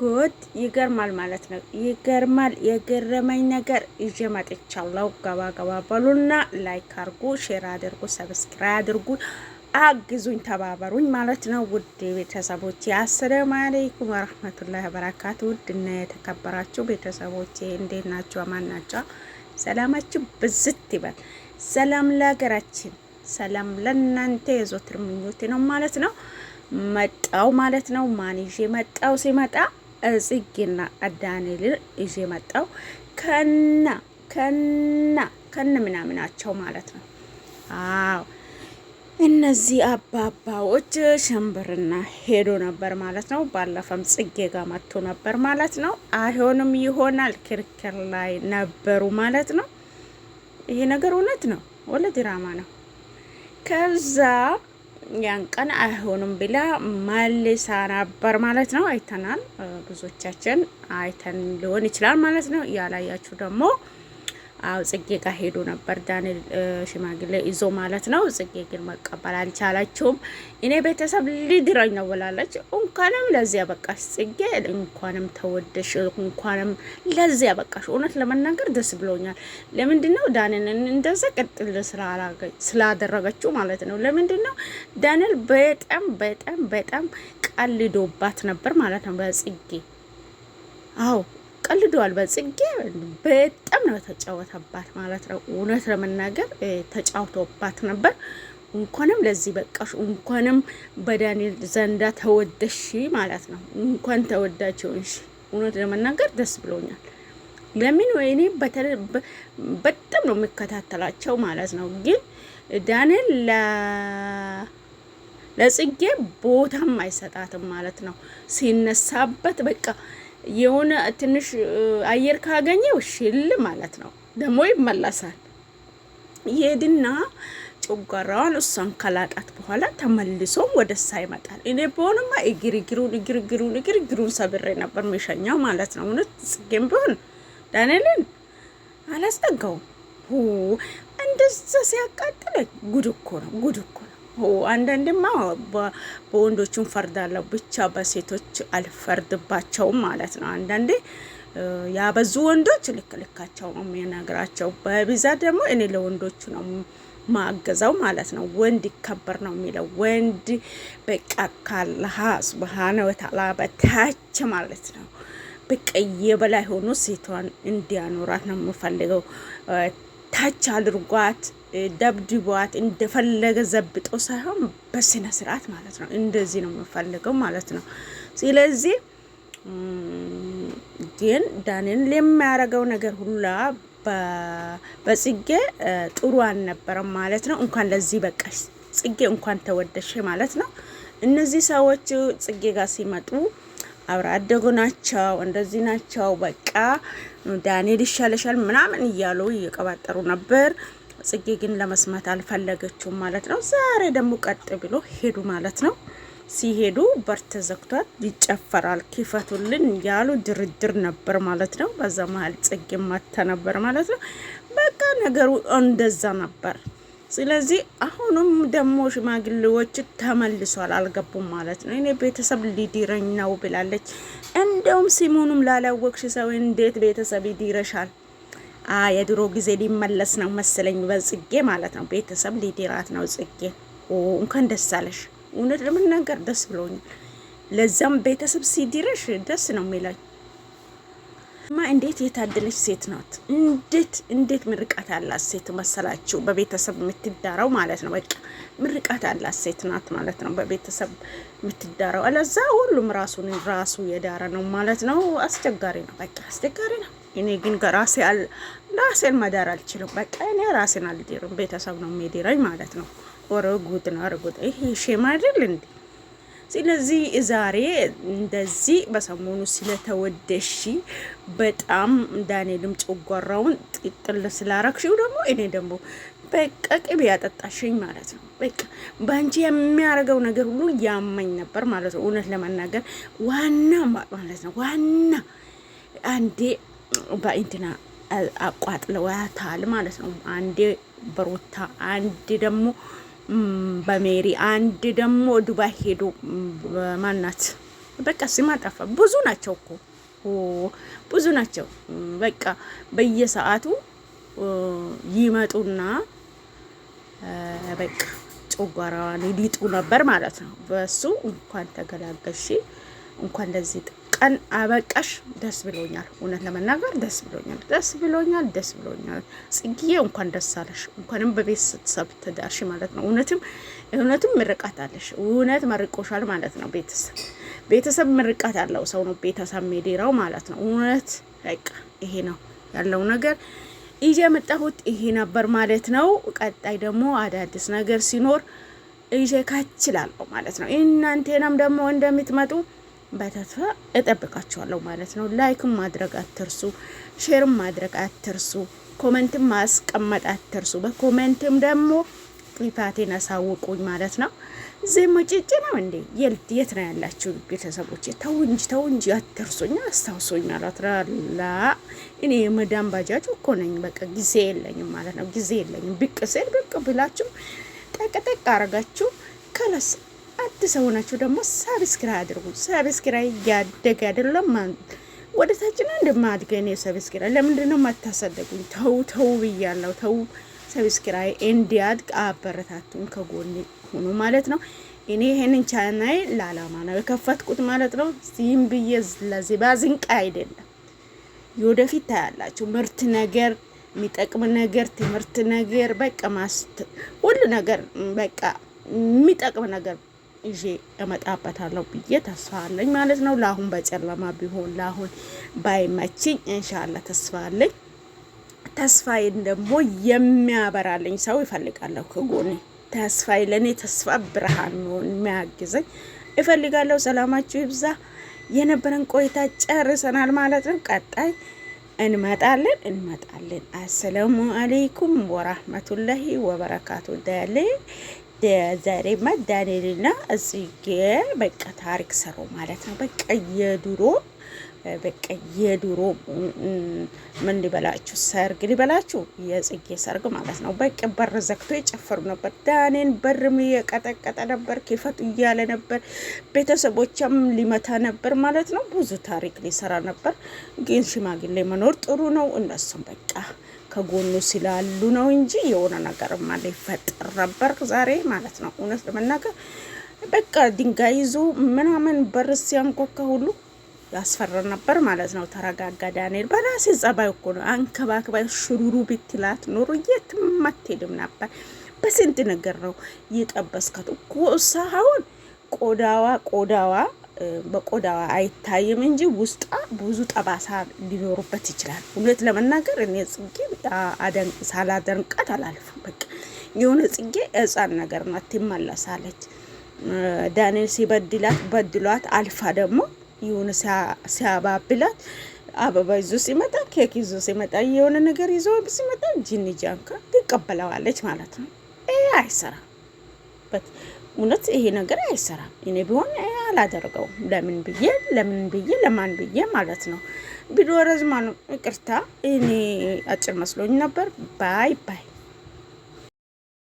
ጉድ ይገርማል ማለት ነው። ይገርማል። የገረመኝ ነገር ይዤ መጥቻለሁ። ገባ ገባ በሉና ላይክ አድርጉ፣ ሼር አድርጉ፣ ሰብስክራይ አድርጉ፣ አግዙኝ፣ ተባበሩኝ ማለት ነው። ውድ ቤተሰቦቼ አሰላሙ አለይኩም ወረህመቱላሂ ወበረካቱ። ውድና የተከበራችሁ ቤተሰቦቼ እንዴት ናቸው? አማን ናቸው? ሰላማችሁ ብዝት ይበል። ሰላም ለሀገራችን፣ ሰላም ለእናንተ የዞትር ምኞቴ ነው ማለት ነው። መጣው ማለት ነው። ማን ይዤ መጣው ሲመጣ ጽጌና ዳንኤል ይዤ መጣው ከና ከና ከነ ምናምናቸው ማለት ነው። አዎ እነዚህ አባባዎች ሸንብርና ሄዶ ነበር ማለት ነው። ባለፈም ጽጌ ጋር መጥቶ ነበር ማለት ነው። አይሆንም ይሆናል ክርክር ላይ ነበሩ ማለት ነው። ይሄ ነገር እውነት ነው ወለ ድራማ ነው? ከዛ ያን ቀን አይሆንም ብላ መልሳ ነበር ማለት ነው። አይተናል፣ ብዙዎቻችን አይተን ሊሆን ይችላል ማለት ነው። ያላያችሁ ደግሞ አው ጽጌ ጋር ሄዶ ነበር ዳንኤል ሽማግሌ ይዞ ማለት ነው። ጽጌ ግን መቀበል አልቻላችሁም። እኔ ቤተሰብ ሊድረኝ ነው ብላለች። እንኳንም ለዚያ በቃሽ ጽጌ፣ እንኳንም ተወደሽ፣ እንኳንም ለዚያ በቃሽ። እውነት ለመናገር ደስ ብሎኛል። ለምንድን ነው ዳንኤልን እንደዛ ቅጥል ስላደረገችው ማለት ነው። ለምንድን ነው ዳንኤል በጣም በጣም በጣም ቀልዶባት ነበር ማለት ነው በጽጌ አው ቀልደዋል። በጽጌ በጣም ነው የተጫወተባት ማለት ነው። እውነት ለመናገር ተጫውቶባት ነበር። እንኳንም ለዚህ በቃሽ፣ እንኳንም በዳንኤል ዘንዳ ተወደሽ ማለት ነው። እንኳን ተወዳጅ ሆንሽ። እውነት ለመናገር ደስ ብሎኛል። ለምን ወይኔ በጣም ነው የሚከታተላቸው ማለት ነው። ግን ዳንኤል ለጽጌ ቦታም አይሰጣትም ማለት ነው። ሲነሳበት በቃ የሆነ ትንሽ አየር ካገኘው ሽል ማለት ነው፣ ደግሞ ይመለሳል። ይሄድና ጨጓራዋን እሷን ከላጣት በኋላ ተመልሶም ወደ ይመጣል። እኔ በሆንማ እግርግሩን እግርግሩን እግርግሩን ሰብሬ ነበር ሚሸኛው ማለት ነው። እውነት ጽጌም ቢሆን ዳንኤልን አላስጠጋውም። እንደዛ ሲያቃጥለኝ ጉድ እኮ ነው ጉድ እኮ አንዳንድማ በወንዶቹን ፈርዳለሁ ብቻ በሴቶች አልፈርድባቸውም ማለት ነው። አንዳንዴ ያበዙ ወንዶች ልክ ልካቸው ነው የሚነግራቸው። በብዛት ደግሞ እኔ ለወንዶቹ ነው ማገዛው ማለት ነው። ወንድ ይከበር ነው የሚለው ወንድ በቃ ካላህ ስብሃነ ወተዓላ በታች ማለት ነው። በቀየ በላይ ሆኖ ሴቷን እንዲያኖራት ነው የምፈልገው። ታች አድርጓት ደብድቧት እንደፈለገ ዘብጦ ሳይሆን በስነ ስርዓት ማለት ነው። እንደዚህ ነው የምፈልገው ማለት ነው። ስለዚህ ግን ዳንን የሚያደርገው ነገር ሁላ በጽጌ ጥሩ አልነበረም ማለት ነው። እንኳን ለዚህ በቃሽ ጽጌ፣ እንኳን ተወደሽ ማለት ነው። እነዚህ ሰዎች ጽጌ ጋር ሲመጡ አብረ አደጉ ናቸው፣ እንደዚህ ናቸው። በቃ ዳንኤል ይሻለሻል ምናምን እያሉ እየቀባጠሩ ነበር። ጽጌ ግን ለመስማት አልፈለገችውም ማለት ነው። ዛሬ ደግሞ ቀጥ ብሎ ሄዱ ማለት ነው። ሲሄዱ በር ተዘግቷል። ይጨፈራል ክፈቱልን ያሉ ድርድር ነበር ማለት ነው። በዛ መሀል ጽጌ ማታ ነበር ማለት ነው። በቃ ነገሩ እንደዛ ነበር። ስለዚህ አሁንም ደግሞ ሽማግሌዎች ተመልሷል፣ አልገቡም ማለት ነው። እኔ ቤተሰብ ሊዲረኝ ነው ብላለች። እንደውም ሲሙኑም ላላወቅሽ ሰው እንዴት ቤተሰብ ይዲረሻል? የድሮ ጊዜ ሊመለስ ነው መሰለኝ በጽጌ ማለት ነው። ቤተሰብ ሊድራት ነው ጽጌ። እንኳን ደስ አለሽ። እውነት ለመናገር ደስ ብሎኛል። ለዛም ቤተሰብ ሲድርሽ ደስ ነው የሚለኝ። ማ እንዴት የታደለች ሴት ናት! እንዴት እንዴት ምርቃት ያላት ሴት መሰላችሁ! በቤተሰብ የምትዳረው ማለት ነው። በቃ ምርቃት አላት ሴት ናት ማለት ነው። በቤተሰብ የምትዳረው አለዛ ሁሉም ራሱን ራሱ የዳረ ነው ማለት ነው። አስቸጋሪ ነው፣ በቃ አስቸጋሪ ነው። እኔ ግን ከራሴ ራሴን መዳር አልችልም። በቃ እኔ ራሴን አልዲርም፣ ቤተሰብ ነው የሚዲረኝ ማለት ነው። ወረ ጉድ ነው እርጉጥ ይሄ ሼም አይደል እንዴ? ስለዚህ ዛሬ እንደዚህ በሰሞኑ ስለተወደሽ በጣም ዳንኤልም ጨጓራውን ጥጥል ስላረክሽው ደግሞ እኔ ደግሞ በቃ ቅቤ ያጠጣሽኝ ማለት ነው። በቃ በአንቺ የሚያደርገው ነገር ሁሉ ያመኝ ነበር ማለት ነው። እውነት ለመናገር ዋና ማለት ነው ዋና አንዴ በእንትና አቋጥለዋታል ማለት ነው። አንዴ በሩታ አንድ ደግሞ በሜሪ አንድ ደግሞ ዱባይ ሄዶ ማናት በቃ ሲማጠፋ ብዙ ናቸው እኮ ብዙ ናቸው። በቃ በየሰዓቱ ይመጡና በቃ ጨጓራዋን ይሊጡ ነበር ማለት ነው። በሱ እንኳን ተገላገልሽ እንኳን ለዚህ ቀን አበቃሽ። ደስ ብሎኛል፣ እውነት ለመናገር ደስ ብሎኛል፣ ደስ ብሎኛል፣ ደስ ብሎኛል። ጽጌዬ እንኳን ደስ አለሽ፣ እንኳንም በቤተሰብ ትዳርሽ ማለት ነው። እውነትም እውነትም ምርቃት አለሽ፣ እውነት መርቆሻል ማለት ነው። ቤተሰብ ቤተሰብ ምርቃት ያለው ሰው ነው ቤተሰብ ሜዴራው ማለት ነው። እውነት በቃ ይሄ ነው ያለው ነገር። ይዤ የመጣሁት ይሄ ነበር ማለት ነው። ቀጣይ ደግሞ አዳዲስ ነገር ሲኖር ይዤ ካችላለሁ ማለት ነው። እናንተንም ደግሞ እንደምትመጡ በተስፋ እጠብቃችኋለሁ ማለት ነው። ላይክም ማድረግ አትርሱ፣ ሼርም ማድረግ አትርሱ፣ ኮመንትም ማስቀመጥ አትርሱ። በኮመንትም ደግሞ ጥፋቴን አሳውቁኝ ማለት ነው። እዚህም ጭጭ ነው እንዴ? የት ነው ያላችሁ ቤተሰቦች? ተው እንጂ ተው እንጂ አትርሱኝ፣ አስታውሱኝ ማለት ላ እኔ የመዳን ባጃጅ እኮ ነኝ። በቃ ጊዜ የለኝም ማለት ነው። ጊዜ የለኝም ብቅ ስል ብቅ ብላችሁ ጠቅጠቅ አረጋችሁ ከለስ አዲስ ሆናችሁ ደግሞ ሰብስክራይብ አድርጉ። ሰብስክራይብ ያደገ አይደለም ወደ ታች ነው እንደማድገ ነው። ሰብስክራይብ ለምንድን ነው የማታሳደጉኝ? ተው ተው ብያለሁ። ተው ሰብስክራይብ እንዲያድግ አበረታቱን፣ ከጎን ሁኑ ማለት ነው። እኔ ይሄንን ቻናይ ለዓላማ ነው የከፈትኩት ማለት ነው። ዝም ብዬ ለዜባ ዝንቅ አይደለም። የወደፊት ታያላችሁ ምርት ነገር የሚጠቅም ነገር ትምህርት ነገር በቃ ማስት ሁሉ ነገር በቃ የሚጠቅም ነገር ይዤ እመጣበታለሁ ብዬ ተስፋ አለኝ ማለት ነው። ለአሁን በጨለማ ቢሆን ለአሁን ባይመችኝ እንሻላ ተስፋ አለኝ። ተስፋዬን ደግሞ የሚያበራልኝ ሰው ይፈልጋለሁ ከጎኔ። ተስፋዬ ለእኔ ተስፋ ብርሃን ነውን የሚያግዘኝ እፈልጋለሁ። ሰላማችሁ ይብዛ። የነበረን ቆይታ ጨርሰናል ማለት ነው። ቀጣይ እንመጣለን እንመጣለን። አሰላሙ አሌይኩም ወራህመቱላሂ ወበረካቱ ደሌ ዛሬ ዳንኤልና እጽጌ በቃ ታሪክ ሰሩ ማለት ነው። በቃ የድሮ በቃ የድሮ ምን ሊበላችሁ ሰርግ ሊበላችሁ የጽጌ ሰርግ ማለት ነው። በቃ በር ዘግቶ የጨፈሩ ነበር። ዳኔን በርም የቀጠቀጠ ነበር፣ ክፈቱ እያለ ነበር። ቤተሰቦቿም ሊመታ ነበር ማለት ነው። ብዙ ታሪክ ሊሰራ ነበር። ግን ሽማግሌ መኖር ጥሩ ነው። እነሱም በቃ ከጎኑ ስላሉ ነው እንጂ የሆነ ነገር ማለ ይፈጠር ነበር ዛሬ ማለት ነው። እውነት ለመናገር በቃ ድንጋይ ይዞ ምናምን በር ሲያንኳኳ ሁሉ ያስፈራ ነበር ማለት ነው። ተረጋጋ ዳንኤል፣ በራሴ ጸባይ እኮ ነው አንከባክባ ሽሩሩ ብትላት ኖሮ የትም አትሄድም ነበር። በስንት ነገር ነው የጠበስከት እኮ እሳሁን ቆዳዋ ቆዳዋ በቆዳዋ አይታይም እንጂ ውስጣ ብዙ ጠባሳ ሊኖሩበት ይችላል። እውነት ለመናገር እኔ ጽጌ ሳላደንቃት አላልፍም። በቃ የሆነ ጽጌ ሕፃን ነገር ናት፣ ትመለሳለች። ዳንኤል ሲበድላት በድሏት አልፋ ደግሞ የሆነ ሲያባብላት አበባ ይዞ ሲመጣ፣ ኬክ ይዞ ሲመጣ፣ የሆነ ነገር ይዞ ሲመጣ ጂኒ ጃንካ ትቀበለዋለች ማለት ነው። ይሄ አይሰራም፣ እውነት ይሄ ነገር አይሰራም። እኔ ቢሆን አላደርገውም። ለምን ብዬ ለምን ብዬ ለማን ብዬ ማለት ነው። ቪዲዮ ነው። ይቅርታ፣ እኔ አጭር መስሎኝ ነበር። ባይ ባይ።